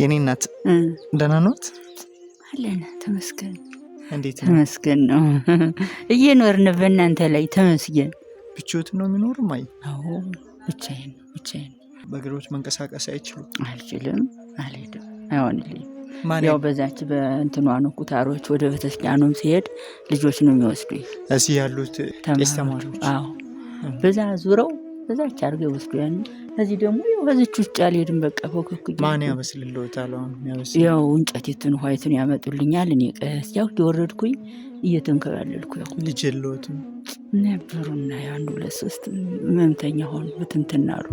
የኔ እናት ደህና ኖት? አለን ተመስገን። እንዴት ተመስገን ነው እየኖርን በእናንተ ላይ ተመስገን። ብቻዎትን ነው የሚኖር? ማይ አዎ፣ ብቻዬን ብቻዬን። በእግሮች መንቀሳቀስ አይችሉ? አልችልም፣ አልሄድም፣ አይሆንልኝ ያው በዛች በእንትኗ ነው ኩታሮች ወደ ቤተክርስቲያኑም ሲሄድ ልጆች ነው የሚወስዱኝ። እዚህ ያሉት ቄስ ተማሪዎች በዛ ዙረው በዛች አድርገ ይወስዱ። ያን እዚህ ደግሞ በዚች ውጭ አልሄድም። በቃ ፎክክ ማን ያበስልልዎታል? ያው እንጨቴትን ኋይትን ያመጡልኛል። እኔ ቀስ ያው የወረድኩኝ እየተንከባለልኩ ያው ልጅ የለዎትም ነበሩና የአንድ ሁለት ሶስት መምተኛ ሆኑ። ብትንትና አሉ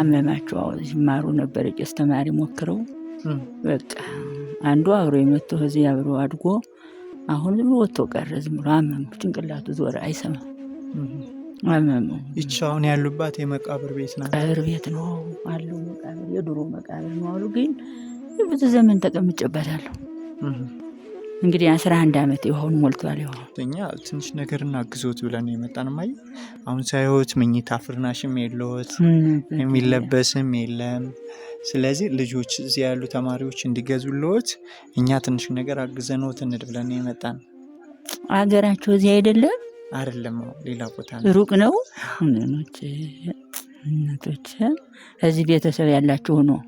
አመማቸው። ሲማሩ ነበር ቄስ ተማሪ ሞክረው በቃ አንዱ አብሮ የመጥቶ እዚህ አብሮ አድጎ አሁን ዝም ብሎ ወጥቶ ቀረ። ዝም ብሎ አመሙ። ጭንቅላቱ ዞረ፣ አይሰማም ይቺ አሁን ያሉባት የመቃብር ቤት ነው። መቃብር ቤት ነው አሉ። መቃብር የድሮ መቃብር ነው አሉ። ግን ብዙ ዘመን ተቀምጬበታለሁ። እንግዲህ አስራ አንድ ዓመት የሆኑ ሞልቷል። የሆኑ ትንሽ ነገርና ግዞት ብለን የመጣን ማየ አሁን ሳይወት ምኝታ ፍርናሽም የለወት የሚለበስም የለም። ስለዚህ ልጆች እዚህ ያሉ ተማሪዎች እንዲገዙልዎት እኛ ትንሽ ነገር አግዘንዎት እንድ ብለን የመጣን አገራቸው እዚህ አይደለም አይደለም ሌላ ቦታ ሩቅ ነው። ምኖች እናቶች እዚህ ቤተሰብ ያላችሁ ነው።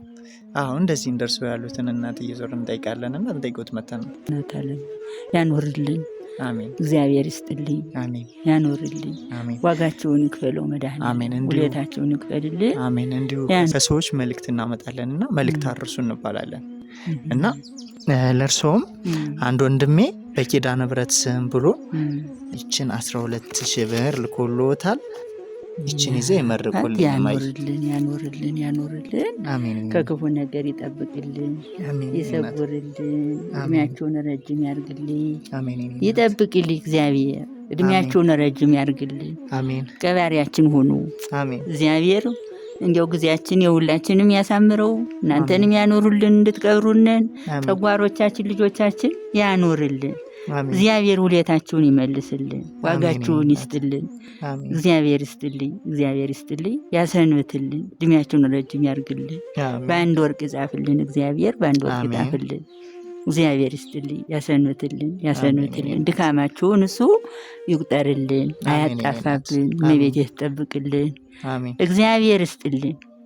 አሁን እንደዚህ እንደርሱ ያሉትን እናት እየዞር እንጠይቃለን እና እንጠይቆት መተን እናታለን ያኖርልኝ። አሜን። እግዚአብሔር ይስጥልኝ። አሜን። ያኖርልኝ። አሜን። ዋጋቸውን ይክፈለው መድኃኒዓለም። አሜን። ውለታቸውን ይክፈልልን። አሜን። እንዲሁ ከሰዎች መልእክት እናመጣለን እና መልእክት አድርሱ እንባላለን እና ለእርስዎም አንድ ወንድሜ በኪዳ ንብረት ስም ብሎ ይችን 12 ሺህ ብር ልኮልዎታል። ይችን ይዘ ይመርቁልን፣ ያኖርልን፣ ያኖርልን፣ ከክፉ ነገር ይጠብቅልን፣ ይሰውርልን፣ እድሜያቸውን ረጅም ያርግልኝ፣ ይጠብቅልኝ እግዚአብሔር እድሜያቸውን ረጅም ያርግልን። አሜን። ቀባሪያችን ሆኑ። እግዚአብሔር እንዲያው ጊዜያችን የሁላችንም ያሳምረው። እናንተንም ያኖሩልን፣ እንድትቀብሩንን ተጓሮቻችን ልጆቻችን ያኖርልን። እግዚአብሔር ሁሌታችሁን ይመልስልን፣ ዋጋችሁን ይስጥልን። እግዚአብሔር ይስጥልኝ፣ እግዚአብሔር ይስጥልኝ፣ ያሰንብትልን፣ እድሜያችሁን ረጅም ያርግልን። በአንድ ወርቅ ጻፍልን፣ እግዚአብሔር በአንድ ወርቅ ጻፍልን። እግዚአብሔር ይስጥልኝ፣ ያሰንብትልን፣ ያሰንብትልን። ድካማችሁን እሱ ይቁጠርልን፣ አያጣፋብን። እመቤቴ ትጠብቅልን። እግዚአብሔር ይስጥልን።